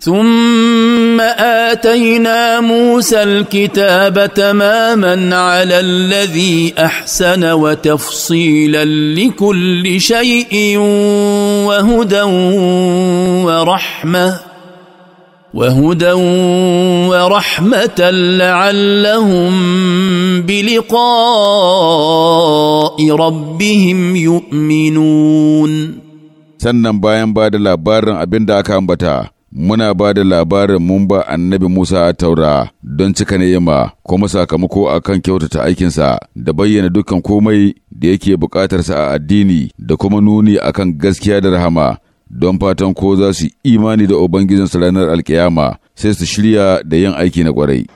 ثم اتينا موسى الكتاب تماما على الذي احسن وتفصيلا لكل شيء وهدى ورحمه وهدى ورحمه لعلهم بلقاء ربهم يؤمنون سنن باين بعد الله labarin abin da aka muna ba da labarin mun ba annabi Musa a taura don cika ni'ima kuma sakamako a kan kyautata aikinsa da bayyana dukkan komai da yake bukatarsa a addini da kuma nuni a kan gaskiya da rahama don fatan ko za su imani da Ubangijinsu ranar alkiyama sai su shirya da yin aiki na kwarai.